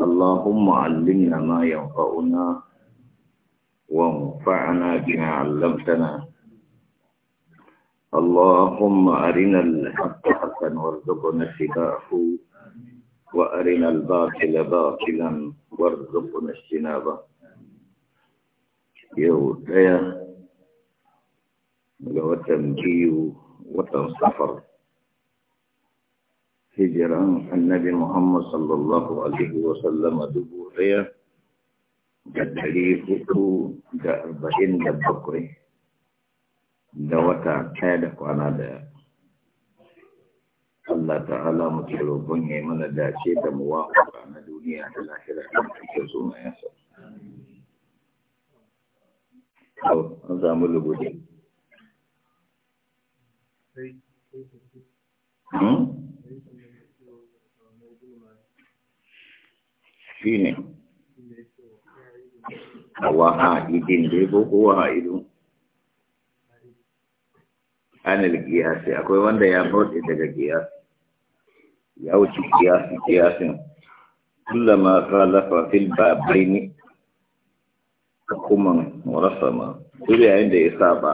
اللهم علمنا ما ينفعنا وانفعنا بما علمتنا اللهم أرنا الحق حقا وارزقنا اتباعه وأرنا الباطل باطلا وارزقنا اجتنابه يا ديا لو تنجيو وتنصفر hijiran annabi Muhammad sallallahu alaihi wasallam dubu ɗaya da ɗari hudu da arba'in da bakwai da wata ɗaya da kwana da Allah ta'ala muke roƙon ya yi mana dace da muwafaƙa na duniya da lahira da cikin sunayensa. Hau, an samu shi ne wa idin dai ko kowa An anil giyasi, akwai wanda ya bauɗe daga giyasi. ya wuce kiyasi kiyasin kullama khalafa fil babaini hukuman rasama duk yayin da ya saba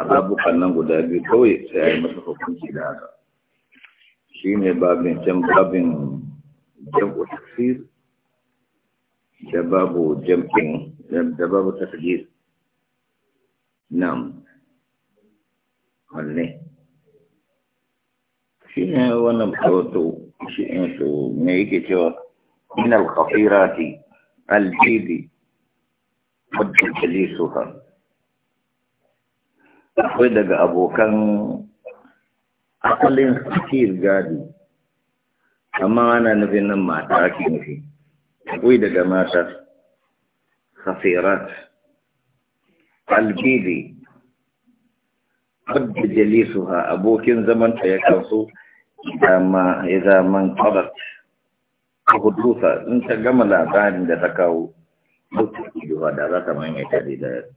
a babukan nan guda biyu kawai sai ya yi masa hukunci da haka shi ne babin can babin jam'u tafsir da babu jam'in da babu tasgir nam wanne shi ne wannan farautu shi ne me yake cewa min al-khafirati al-jidi wadda jalisuha akwai daga abokan asalin sakir gadi amma ana nufin nan mata ake وي داك ماتا خفيرات قلبي لي قد جليسها ابوك ان زمن فيكسو اما اذا ما انقضت حدوثا انت كما بعد ان تتكاو بتجوا دارك ما ينتهي ده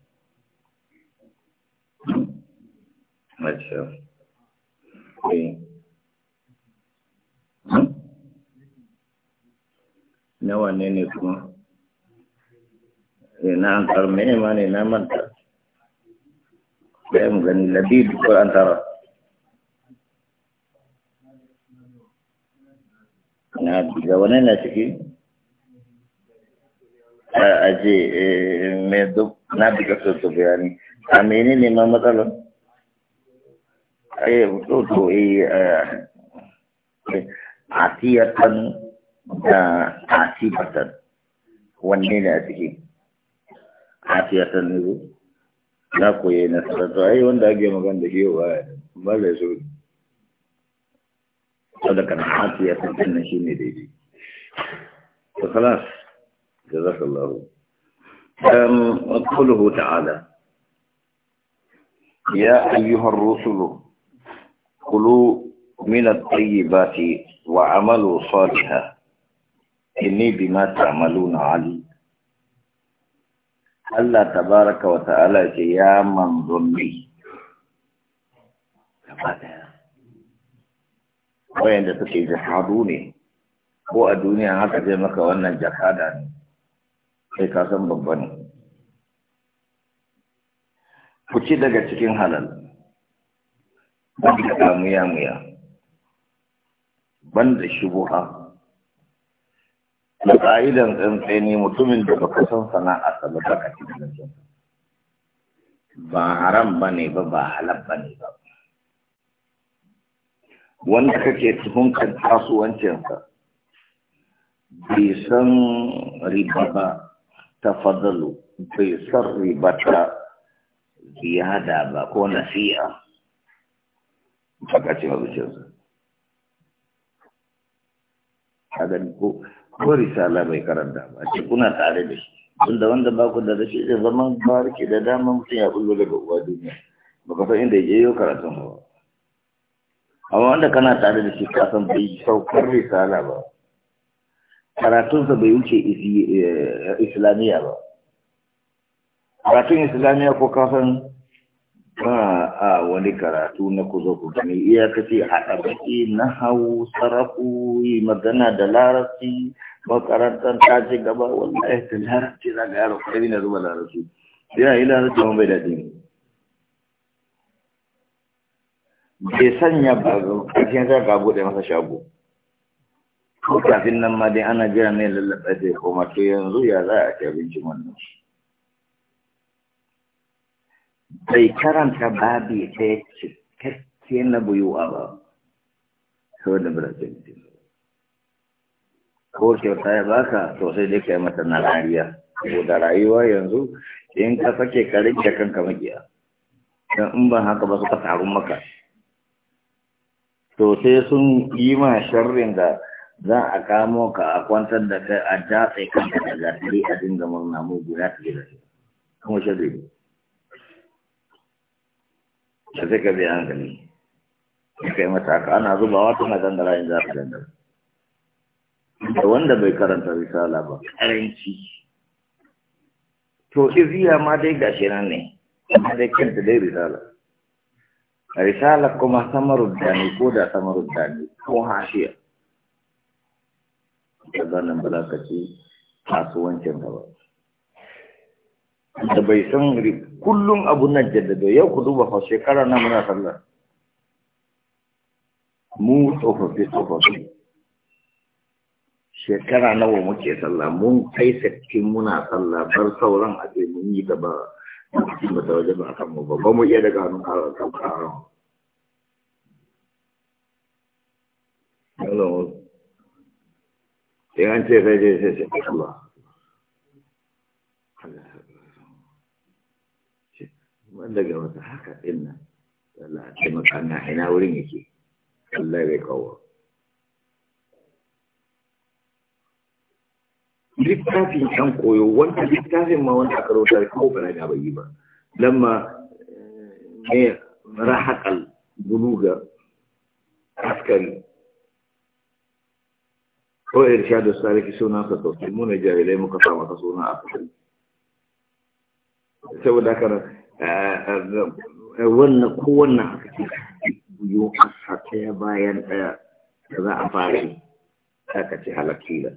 ما na wanne ne kuma eh, na antar mene ma ne na manta ɗaya mu gani labidu ko antara na ga wani na ciki a ce mai duk na bi ka so to bayani a mene ne ma matsalar ai eh, to to eh, eh atiyatan عتيبةً هو النيل أدهي عتيبةً نبو لاكو ينسل أي وان داقية وما لسول هذا كان عتيبةً تنشين دهي فخلاص جزاك الله قوله تعالى يا أيها الرسل قلوا من الطيبات وعملوا صالحا inni bima ta'maluna ali Allah tabaraka wa ta'ala ce ya manzonni gaba wayanda suke jihadu ne ko a duniya haka zai maka wannan jakada ne sai ka san babba ne ci daga cikin halal ban da muya muya ban da shubuha da ƙa'idan tsantseni mutumin da baka san sana'a ta ba baka ci da ba haram ba ne ba ba halal ba ne ba wanda kake kan kasuwancinsa bai san riba ba ta fadalu bai san riba ta ziyada ba ko nasiya baka ci ba zuciyarsa ka gani ko ko risala bai karanta ba ce kuna tare da shi tunda wanda ba ku da rashi da zaman barki da dama mutum ya bullo daga uwa duniya ba ka san inda ya yi karatun ba amma wanda kana tare da shi ka san bai saukar risala ba karatunsa bai wuce eh, islamiyya ba karatun islamiyya ko san ba a wani karatu na kuzo ku gani iyakaci haɗa baki na hau sarrafu yi magana da larabci makarantar ta ce gaba wallahi da larabci za ga yaro kwari na zuba larabci ya yi larabci wani bai daɗi ne bai sanya ba ƙarshen za ka buɗe masa shago ko kafin nan ma dai ana jira ne lallaɓa zai koma to yanzu ya za a ci abincin wannan shi bai karanta babi ta cikakke na buyuwa ba sau da brazil ko kyauta ya baka to sai dai ka yi mata na rariya saboda rayuwa yanzu in ka sake ka rike kanka magiya don in ban haka ba suka taru maka to sai sun yi ma sharrin da za a kamo ka a kwantar da kai a datse kanka da gatari a dinga murna mu guda ta gida kuma sharri da sai ka biya gani kai mata haka ana zubawa tana gangara in za ka gangara da wanda bai karanta risala ba karanci to iziya ma dai shi nan ne amma dai kanta dai risala risala kuma samarun dani ko da samarun dani ko hashiya da zanen balakaci za ka ci kasuwancin gaba da bai san kullum abu nan jaddado yau ku duba fa shekara na muna sallar mu tsofaffi tsofaffi shekara nawa muke sallah mun kai sattin muna sallah bar sauran a ce mun yi gaba lokacin ba ta waje ba a kan mu ba ba mu iya daga hannun karar ka sai an ce sai dai sai sai Allah wanda ga wata haka ɗin nan Allah a taimaka na ina wurin yake Allah bai kawo littafin ɗan koyo wanda littafin ma wanda aka rauta kawo bana da bai yi ba lamma ne eh, rahakal buluga askari ko irshadu saliki suna ka sosai muna jahilai muka sa masa suna askari saboda haka Eh, eh, wannan kowannan haka ce biyu a ɗaya bayan ɗaya da za a fara aka ce da.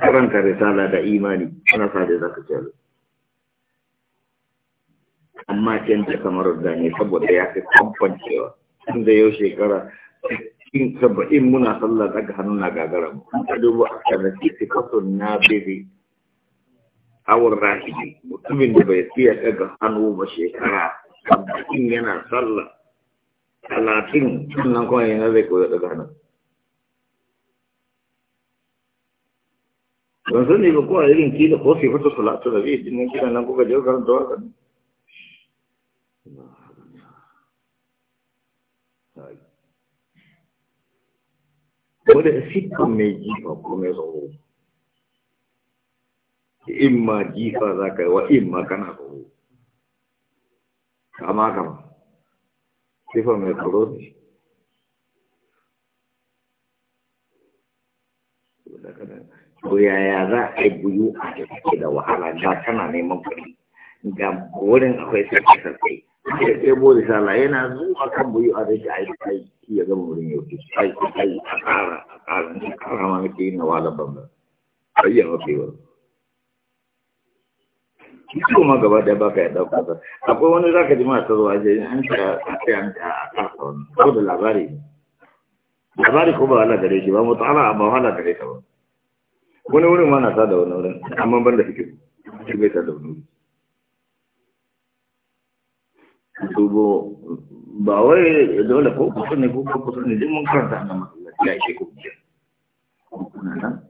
karanta risala da imani ana sade za ka ce amma can ta kamar da ne saboda ya fi kamfancewa inda yau shekara in saba'in muna sallar daga hannun na gagara mu a dubu a kan da kaso na bebe awon rahidi mutumin da bai fiye daga hannu ba shekara tabbatin yana tsalla talatin sannan kuma yana zai koya daga hannu ban sani ba kowa irin kila ko sai fata salatu da zai jinin kila nan kuka je karanta da ne wadda da sifin mai jifa ko mai zaune in ma jifa za ka yi wa in ma kana tsoro kama kama sifa mai tsoro ne to yaya za a yi buyu a da take da wahala ga kana neman kuɗi ga wurin akwai sarki sarki sai sai bori sala yana zuwa kan buyu a da shi a yi aiki ya gama wurin yau aiki aiki a ƙara a ƙara a ƙara ma nake yi na wahalar bambam ayyana kai wani Kiko ma gaba ɗaya baka ya ɗauka ba. Akwai wani za ji ma ta an an ta Ko da labari Labari ko ba gare mutu gare Wani wurin ma ta da wani wurin amma ban da Shi ta da wani wurin. Dubo ba wai ko ne ko ne mun karanta nan ya Ko kuna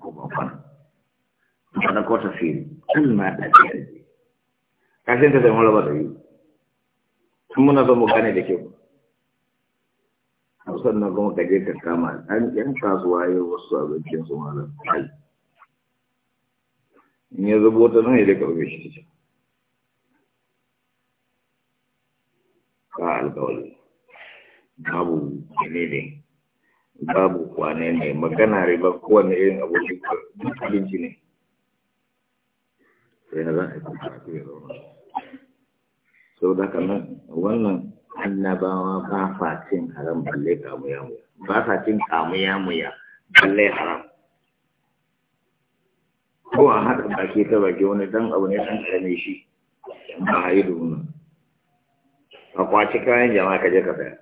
nan ko ba kashin ta sai mun raba da biyu sun muna son mu gane da kyau sannan kuma ka je ka kama an yan kasuwa yi wasu abincin su malam ai in ya zubo ta nan ya da karfe shi ba alkawali babu ne ne babu kwane ne magana riba kowane irin abokin abinci ne sai na za a yi kuma a kuma saboda da wannan annabawa ba fa cin haram balle kamuya-muya ba fa cin kamuya-muya balle haram ko a haɗa baki ta baki wani dan abu ne dan karame shi ba a yi duna a kwaci kayan jama'a ka je ka saya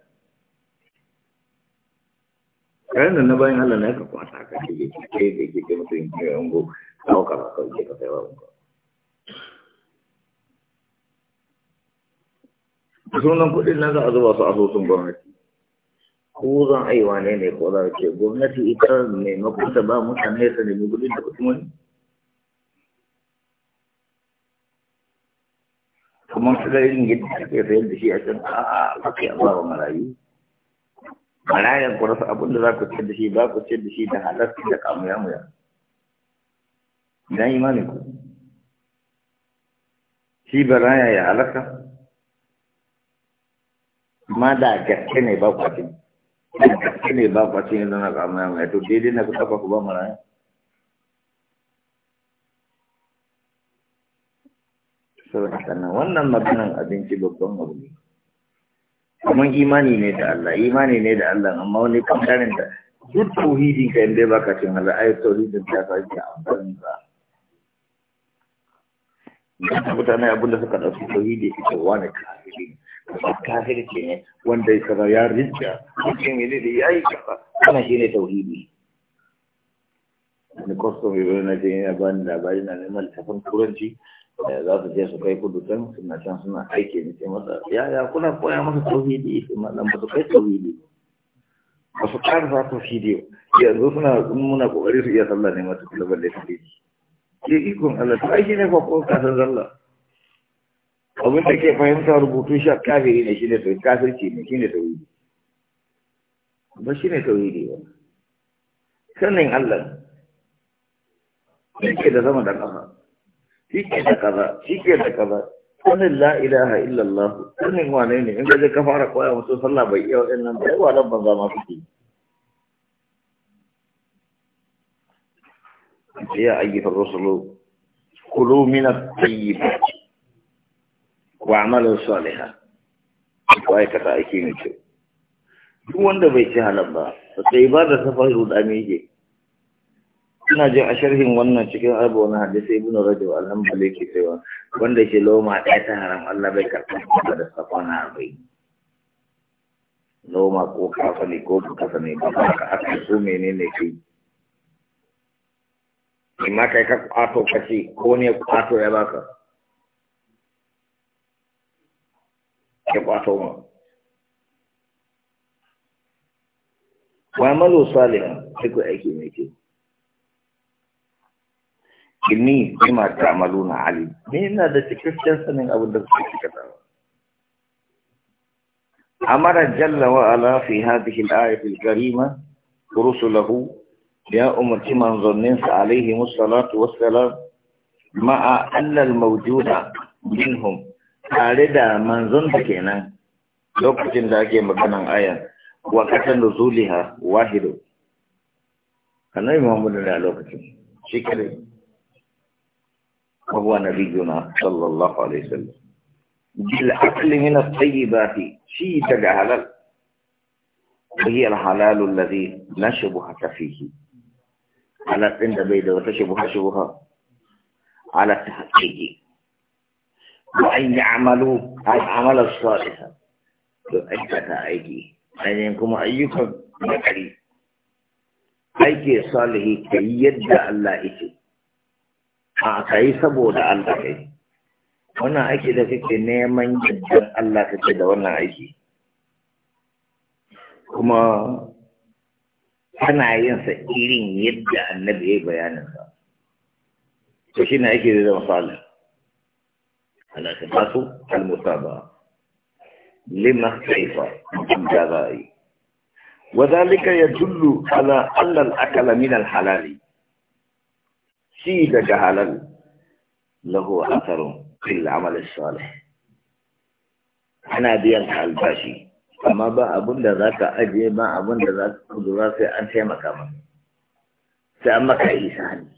kayan da na bayan Allah na ka kwata ka ce ke ke ke ke mutum ya yango kawo ka ba ka je ka saya ba sunan kuɗin nan za a zuba su asusun gwamnati ko zan ai wane ne ko za ce gwamnati ita ne ta ba mutane su nemi kuɗin da kuɗin wani Kuma su ga irin yadda ake sayar da shi a can a kake a ba marayu marayan ku rasa abin da za ku ce da shi ba ku ce da shi da halarci da kamuya-muya dan imanin ku shi baraya ya halaka ma da gaske ne ba kwatin gaske ne ba kwatin yanzu na kamar mai to daidai na kusa ku ba mara saboda sannan wannan maganan abinci babban abu ne kuma imani ne da Allah imani ne da Allah amma wani kankanin da duk tauhidin ka inda ba ka cin Allah ai da ta sa ki amfani ba mutane abinda suka ɗauki tauhidi ita wani kafiri kafirci ne wanda ya kaza ya rinja cikin yi da ya yi kaza wannan shi ne tauhidi wani kwastom ya bayan na ce yana ba ni labari na neman littafin turanci eh, za su je su kai kudu can suna can suna aiki ne ce masa ya ya kuna koya masa tauhidi su malam ba su kai tauhidi ba su ƙara sa tauhidi yanzu suna muna kokari su iya sallah ne masu kula balle tauhidi ke ikon Allah to aiki ne ba ko kasan sallah abin da ke fahimta rubutu shi kafiri ne ne tauhidi kafirci ne ne tauhidi ba shine tauhidi ba sannan Allah ke da zama da ƙasa ke da kaza ke da kaza sannan la ilaha illallah sannan wane ne in gaje ka fara koya musu sallah bai iya waɗannan ba yawa nan banza ma suke ya ayyuhar rasulu kulu min at-tayyibati wa amalu Aliha. ko aikata aiki ne kyau duk wanda bai ci halal ba ba da ibada ta fahimu da ina jin a sharhin wannan cikin abu wani hadisi ibn rajab al-hanbali ke cewa wanda ke loma ɗaya ta haram Allah bai karɓa da na bai noma ko kafa ne ko kasa ne ba ba ka haka su menene ke in ma kai ka kwato kashi ko ne kwato ya baka ya wa malu salihan sai aiki mai kyau inni bima ta'maluna alim ni ina da cikakken sanin abin da kuke aikatawa amara jalla wa ala fi hadhihi al-ayati al-karima rusulahu ya ummati manzannin sa alayhi musallatu wassalam ma'a tare da manzon da kenan lokacin da ake maganan ayan wa katan da zuliha wahido kanar yi mahammudu da lokacin shi kare abuwa na rijuna sallallahu alaihi sallam bil'aklin yana tsayi ba fi shi daga halal wahi alhalalu lari na shubuha ta fihi halatsin da bai da wata shubuha shubuha ala ta haƙiƙi wa'ayya amalu al'amala sualiha don aikata aiki ainihin kuma ayyukan makari aiki salihi ka yi yadda Allah ike a ka yi saboda Allah yi. wannan aiki da kake neman yadda Allah kake da wannan aiki kuma ana yin sa irin yadda annabi ya yi bayaninsa to shi ne ake zai zama salihi على الاعتقاد المتابعه لما كيف الجرائي وذلك يدل على ان الاكل من الحلال سيد جهلا له اثر في العمل الصالح انا ابي الباشي اما با ابن ذاك اجي ما ابن ذاك قدره في ان تمك ما سامك ايسان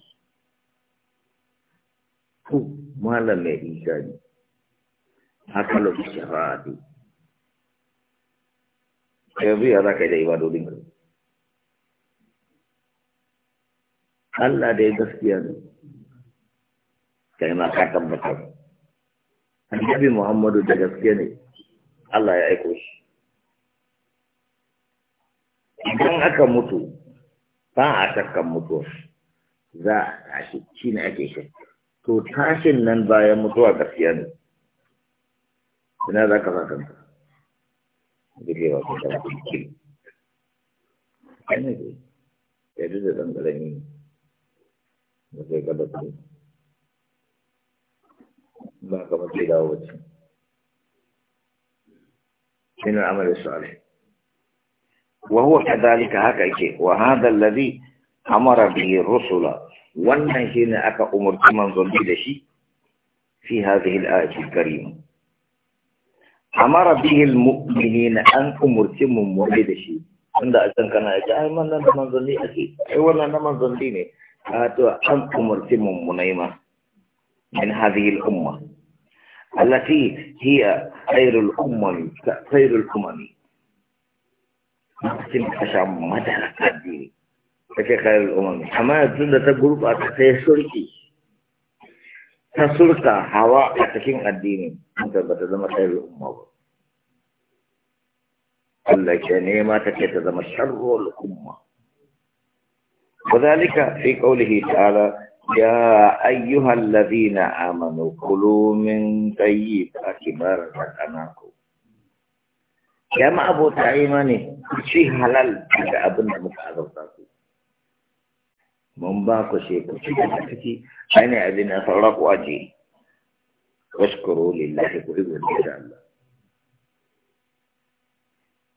مالا مي ايساني akalu bisyafa'ati yanzu ya za ka yi da ibadodinka Allah dai gaskiya ne kai ma ka tabbata annabi Muhammadu da gaskiya ne Allah ya aiko shi idan aka mutu ba a shakkan mutu. za a tashi shi ne ake shi to tashin nan bayan mutuwa gaskiya ne من هذا ka za ka ta gire wa ka ta kiri ana ne ya duk da ɗan ƙarami da من العمل الصالح وهو كذلك هكذا وهذا الذي أمر به الرسل والنهي أكا أمر كمان ظنبي في هذه الآية الكريمة amara bihil mu'minin an umurci mummuni da shi inda a can kana yace ai wannan da ne ake ai wannan da manzanni ne a to an umurci mummunai ma min hadhihi al umma allati hiya khairul ummami khairul ummami cikin kasha madara addini take khairul umma, amma yanzu da ta gurbata sai shirki. ta surta hawa a cikin addini da ba ta zama sayar umma ba Allah ke nema ta ta zama umma وذلك في قوله تعالى يا أيها الذين آمنوا كلوا من طيب أكبر رزقناكم يا ما أبو تعيماني شيء حلال إذا أبن متعذب mun ba ku shi ku ci da ciki aina abin da aji. Wasu washkuru lillahi ku yi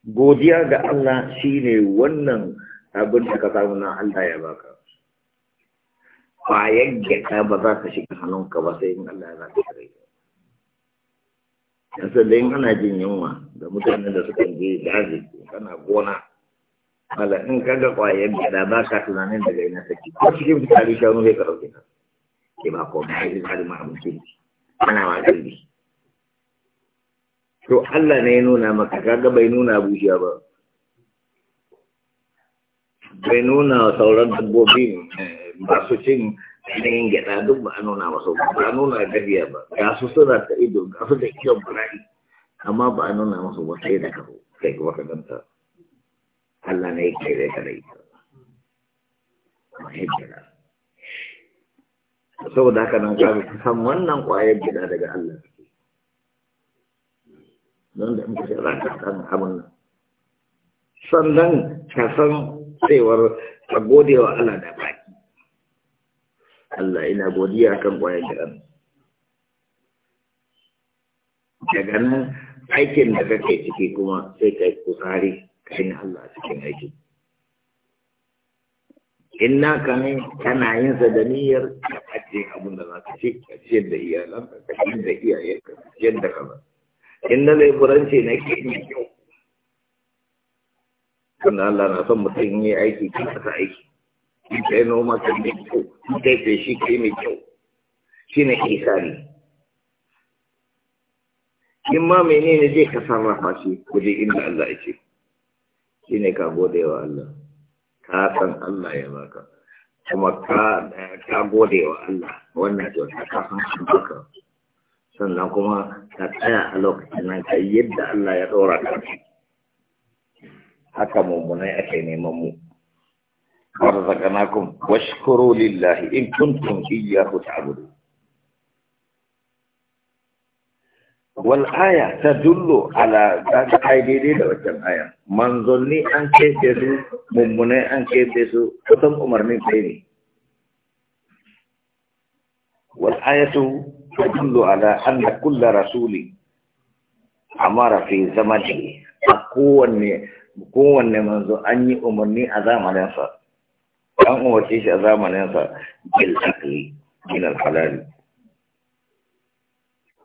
godiya da Allah godiya ga Allah shi ne wannan abin da ka samu na Allah ya baka bayan ka ba za ka shiga hannunka ba sai in Allah ya za ka shiga yanzu da yin ana jin yunwa da mutanen da suka je daji kana gona Mala in ka ga ƙwayar gada ba ka tunanin daga ina saki. Ko ke fitsari shanu zai ka ɗauke ka. Ke ba ko ba yi fitsari ma abinci. Ana ma kalbi. To Allah ne ya nuna maka kaga bai nuna bushiya ba. Bai nuna sauran dabbobi eh, masu cin ainihin gyaɗa duk ba a nuna masu ba a nuna gajiya ba ga su suna ta ido ga su da kyau bala'i amma ba a nuna masu ba sai da kafu kai kuma ka ganta Allah ne yake da kare ita hijira saboda haka nan ka wannan kwayar gida daga Allah take don da muka ce za ka nan sannan ka san cewar ka gode wa Allah da baki Allah ina godiya kan kwayar gida daga aikin da kake ciki kuma sai kai kusari kai Allah a cikin aiki in naka ne kana yin sa da niyyar ka ajiye abin da za ka ce ka ce da iyalanka ka ce da iyayenka ka ce da kaza in na ce na ke yin kyau tunda Allah na son mutum yi aiki kan ka aiki in kai noma ka yi kyau in kai feshi ka yi mai kyau shi na ne isari in ma menene zai ka sarrafa shi wajen inda Allah ya ce shi ne ka gode wa Allah ka san Allah ya baka kuma ka gode wa Allah wannan kyauta ka san an baka sannan kuma ka tsaya a lokacin nan ka yadda Allah ya ɗora ka haka mummunai ake neman mu ورزقناكم lillahi in إن كنتم إياه تعبدون Wal'aya ta dullo ala ta ta kaide da wannan aya man zanni an ke ke mun mun an ke ke su kutum umar ne sai ne ta dullo ala anna kull rasul amara fi zamani ko ko wanne man zo an yi umar ne a zamanin shi a zamanin sa bil aqli halali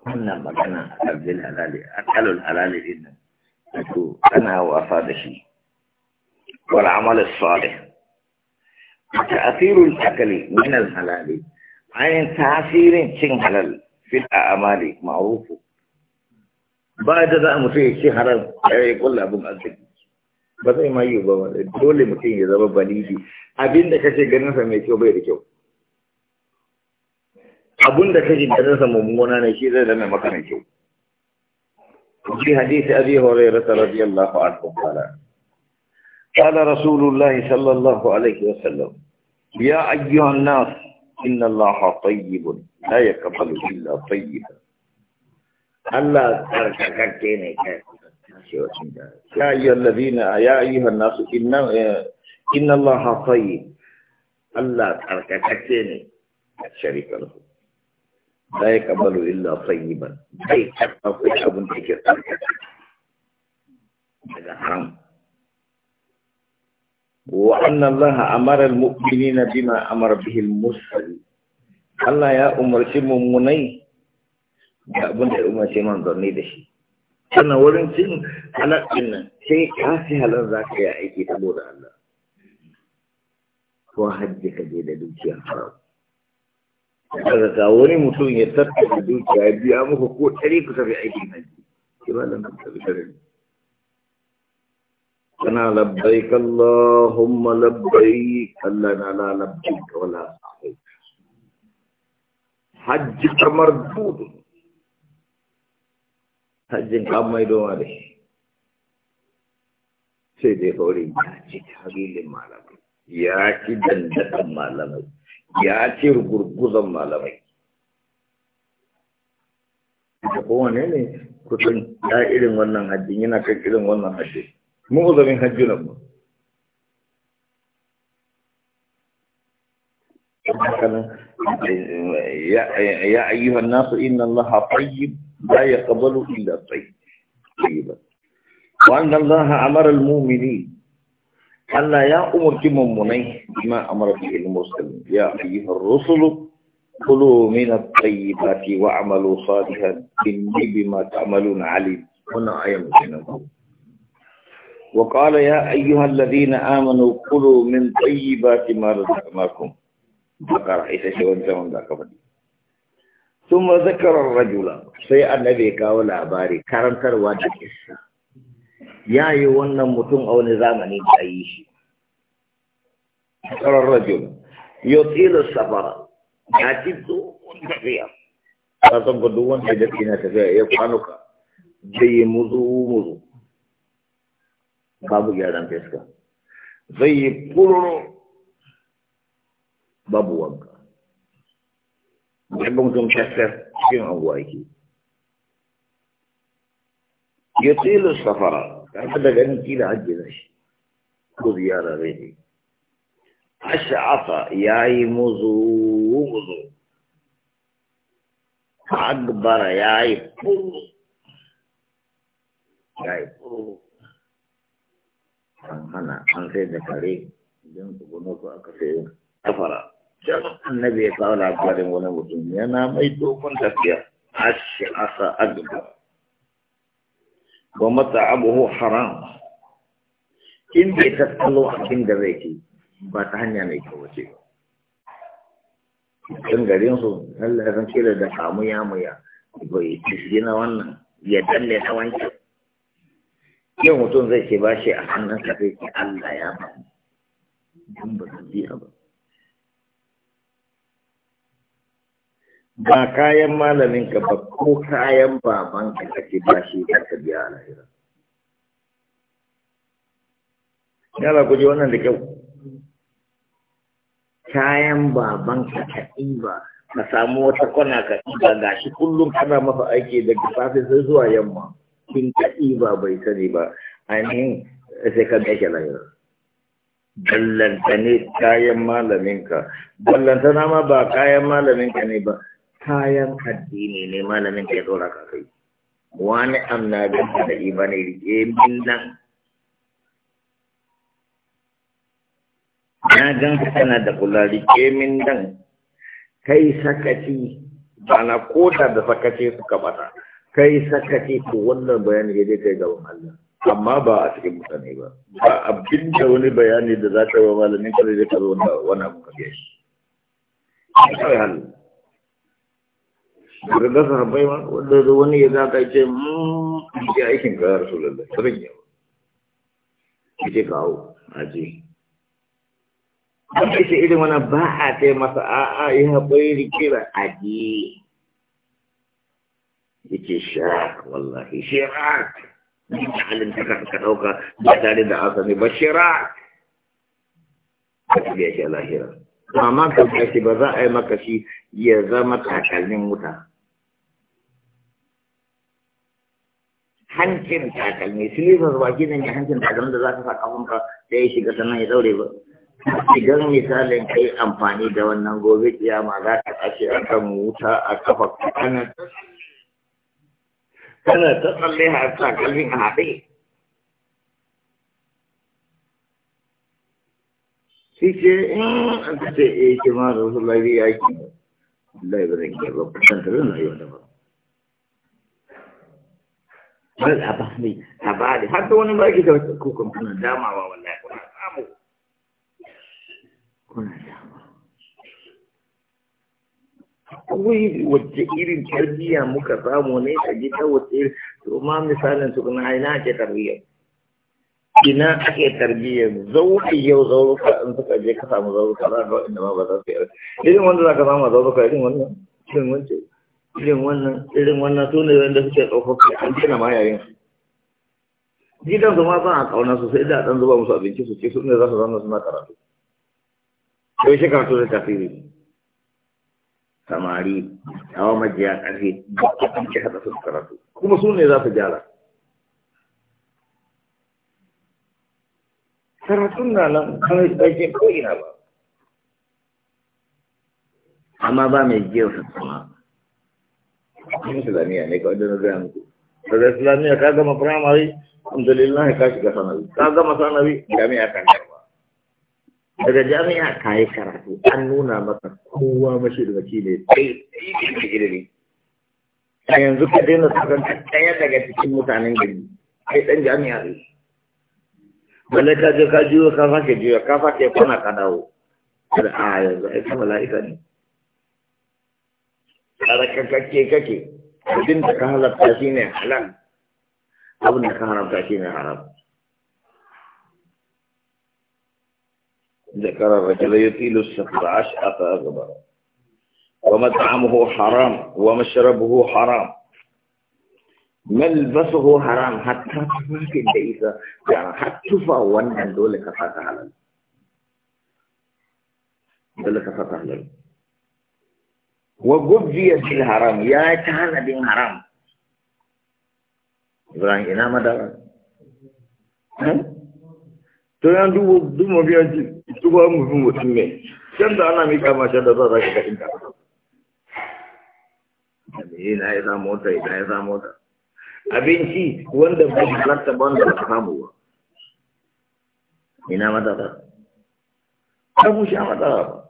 wannan magana a ƙarfin halali a ƙalul halali din nan wato ana wasa da shi wal amal salih ta'thirul akli min al halali ayin tasirin cin halal fil a'mali ma'ruf ba da za mutum ya ci haram ya kulla abin arziki ba zai ma yi ba dole mutum ya zama balidi abinda kace ganin sa mai kyau bai da kyau da ka jinkarin sa mummuna ne shi zai zama maka mai kyau ji hadisi abi hurairah radiyallahu anhu qala qala rasulullah sallallahu alaihi wasallam ya ayyuhan nas inna allaha tayyibun la yaqbalu illa tayyiban Allah tsarkakakke ne kai ya ayyuhan ladina ya ayyuhan nas inna inna allaha tayyib Allah tsarkakakke ne sharikan la ya kabalu illa tayyiban bai karɓa kai abin da yake tsarkaka daga haram wa anna Allah amara al-mu'minina bima amara bihi al-mursalin Allah ya umarci mummunai da abun da ya umarci manzanni da shi sannan wurin cin halaƙin nan sai ka fi halar za ka yi aiki saboda Allah ko hajji ka je da dukiya haram daga ga wani mutum ya da dukiya ya biya muku ko ɗari ku tafi aikin haji ki ba nan tafi tare ne kana labbaik allahumma labbaik Allah na la labbaik wala sahih hajji kamar dudu hajjin ka mai doma da shi sai dai kawai ya ci habilin malamai ya ci dandatan malamai ya ce gurguzan malamai da kowane ne kusan ya irin wannan hajji yana kan irin wannan hajji mu uzurin hajji na mu ya ayyuhan nasu inna allaha tayyib la yaqbalu illa tayyib wa anna allaha amara al-mu'minin الله يا أمور كم مني بما أمر به المسلم يا أيها الرسل كلوا من الطيبات وعملوا صالحا إني بما تعملون عليم هنا آية من وقال يا أيها الذين آمنوا كلوا من طيبات ما رزقناكم ذكر عيسى شوان زمان ذاك ثم ذكر الرجل سيئا الذي قال باري كرمتر واجه ya yi wannan mutum a wani zamani da a yi shi tsarar rajul yotilu safara ya ci tsohon tafiya ta san gudu wanda da ke na tafiya ya kwanuka zai yi muzu muzu babu gyaran fiska zai yi kururu babu wanka yadda mutum fiskar cikin anguwa yake yotilu safara kaga da ganin kila hajji na shi ko ziyara zai ne ash'afa yayi muzu muzu akbara yayi furu yayi furu an hana an sai da kare idan ku gano ku aka sai kafara can annabi ya kawo labarin wani mutum yana mai dokon tafiya ash'afa Agbara. wa mata'abuhu haram in bai tattalo abin da zai ke, ba ta hanya mai kyau ce ɗan garin su Allah ya san kira da samu ya muya bai tsiri na wannan ya danne na wanke yau mutum zai ce ba shi a hannun sa sai Allah ya ba don ba su biya ba ba kayan malamin ka ba ko kayan baban ka kake ba shi ka ka biya a lahira yala ku wannan da kyau kayan baban ka ka ba ka samu wata kwana ka ɗiba ga shi kullum kana masa aiki daga safe sai zuwa yamma kin ka ba bai sani ba ainihin sai ka ga lahira ballanta ne kayan malaminka ballantana ma ba kayan malaminka ne ba kayan addini ne malamin da ya dora ka kai wani annabin da ibane rike min nan na gan kana da kula rike min dan kai sakaci ba na kota da sakaci suka bata kai sakaci to wannan bayani ya kai gaban Allah amma ba a cikin mutane ba ba abin da wani bayani da za ta yi wa malamin kare da karo wani abu ka biya shi daga gasar bai ma wanda da wani ya za ka ce mun hmm, ya aikin ka rasu lallai sarin yawa ce kawo a ce wanda ce irin wani ba a ce masa a a'a ya haƙuri rikira a je yake sha, wallahi shirak halin ta ka ɗauka ba tare da asali ba shirak ka tafiya shi a lahira amma ka ba za a yi maka shi ya zama takalmin wuta hancin takalmi silibar ba shi ne hancin takalmi da za ka sa kafanka da ya shiga sannan ya daure ba idan misalin kai amfani da wannan gobe kiyama za ka tashi a kan wuta a kafa kana kana ta tsalle a takalmin a haɗe shi ce in aka ce eh kima rasulullahi ya ki Allah ya bari ke ba kusantar na yau da ba bal a ba ni a ba ni har da wani ba ki da kukan kuna damawa wallahi kuna samu kuna dama wai wacce irin tarbiyya muka samu ne a gida wacce irin to ma misalin su kuna ina ake tarbiyyar ina ake tarbiyyar zaure yau zauruka in suka je ka samu zauruka za ka inda ma ba za su yi irin wanda za ka samu zauruka irin wannan irin wancan irin wannan irin wannan su ne wanda suke tsofaffi an na ma yayin gidan su ma ba a kauna su sai da dan zuba musu abinci su ce su ne za su zama suna karatu sai shi karatu da tafiri samari yawa majiya ƙarfi ba a ke hada su karatu kuma su ne za su gyara karatun na nan kawai ɗauke ko ina ba amma ba mai jiyar su sama akwai islamiyya ne kawai na gaya muku daga islamiyya ka gama firamare alhamdulillah ka shiga sanawi ka gama sanawi jami'a kan karba daga jami'a ka yi karatu an nuna maka kowa mashirmaci ne sai da ilimi a yanzu ka daina sakan ɗaya daga cikin mutanen gari kai ɗan jami'a ne balle ka je ka jiyo ka sake jiyo ka sake kwana ka dawo a yanzu ai ka mala'ika ne tsarkakakke kake abin da ka halatta shi halal abin da ka haramta haram ذكر الرجل يطيل السفر عشاء أكبر ومطعمه حرام ومشربه حرام ملبسه حرام حتى تفاكن الدئيسة يعني حتى تفاوان عن دولك فتح لك دولك فتح لك wa gubjiya bil haram ya ta hana bin haram ibrahim ina madara eh? to yan dubo dubo biya ji dubo mu bin mutum ne can da ana mika ma can da za ka ga eh, inda ina ya samu mota ina ya samu mota abinci wanda ba shi halatta ba wanda ka samu ba ina madara ta mu sha madara ba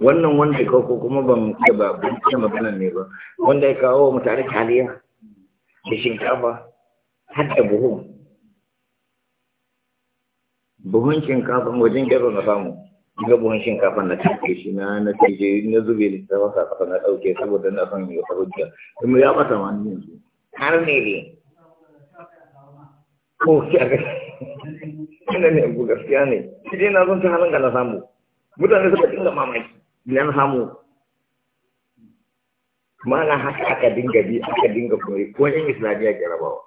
wannan wanda ya kawo kuma ban da ba ban ce magana ne ba wanda ya kawo wa mutane taliya da shinkafa har da buhu buhun shinkafa wajen gyaro na samu ga buhun shinkafa na tafi shi na na taje na zube wasa kafa na dauke saboda na san ya hujja kuma ya bata ma ni yanzu har ne ne ko ki a gaskiya ne gaskiya ne shi dai na zan halin ga na samu mutane suka dinga mamaki yanhamu mana haka aka dinga bi aka dinga koyi ko yan islamiyya jarabawa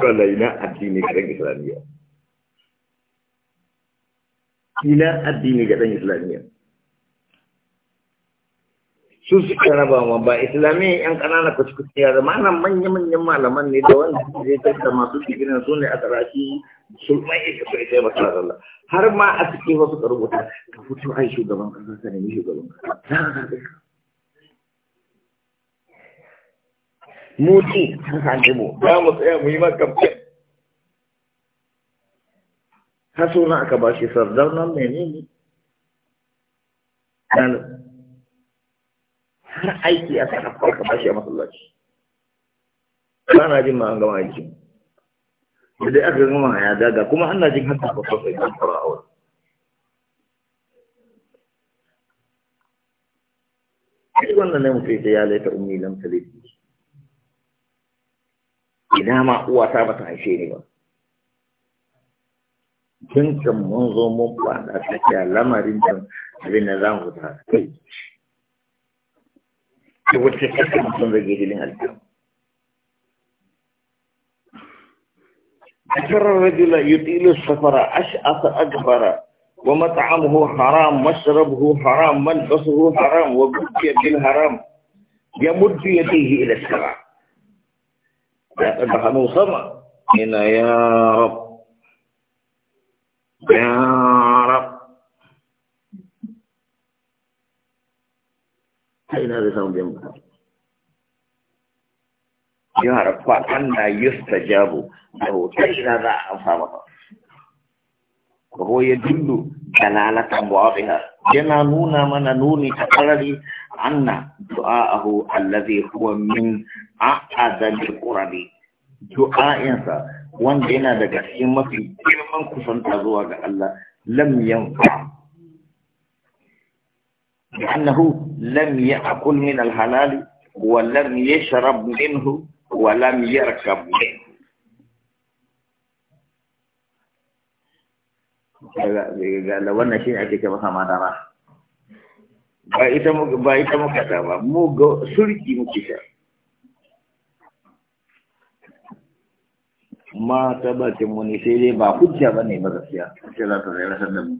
sallai addini ga dan islamiyya ina addini ga dan islamiyya su suka raba ma ba islami yan kanana kuci-kuci ya zama nan manya-manyan malaman ne da wanda su zai tattara masu cikin su ne a tsarashi mai ita kasu ita ba Allah har ma a cikin wasu ka ka fito ai shugaban ƙasa ka nemi shugaban ƙasa mu ji san sami mu ba mu tsaya mu yi maka har suna aka ba shi sardar nan menene har aiki ya sa kafa ka bashi a masallaci ba na jin ma an gama aiki da dai aka gama ya daga kuma na jin hatta ba sai ba fara aure shi wannan ne mutum ya laita ummi lam talibi ina ma uwata ta bata haife ne ba tun kan mun zo mun da ta lamarin da abin da za mu ta kai da أجر الرجل يطيل السفر أشأث أكبر ومطعمه حرام مشربه حرام ملبسه حرام وبكي بالحرام يمد يديه إلى السماء يتبهن سمع هنا يا رب يا a ina samun biyan bukata yin harafa ana yi ta jabo da hotar ina za a amsa mata ruwaya dindu dalalatan buwafiya yana nuna mana nuni ta ƙarari anna du'a ahu allazi huwa min a azalin ƙurari du'a'insa wanda yana da gaske mafi girman kusanta zuwa ga Allah lam yanfa annahu lam يأكل من الحلال ولم wa منه ولم يركب منه ga wannan shi ne ake ba ita muka muka ta ba mu ga surki muke ma ta sai dai ba hujja ba ne ba gaskiya sai za ta zai rasar da mu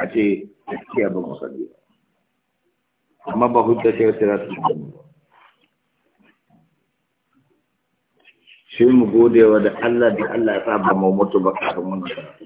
a ce gaskiya ba mu sani ba amma ba hujja ce wacce za ta yi shi mu gode wa da Allah da Allah ya sa ba mu mutu ba kafin wannan karatu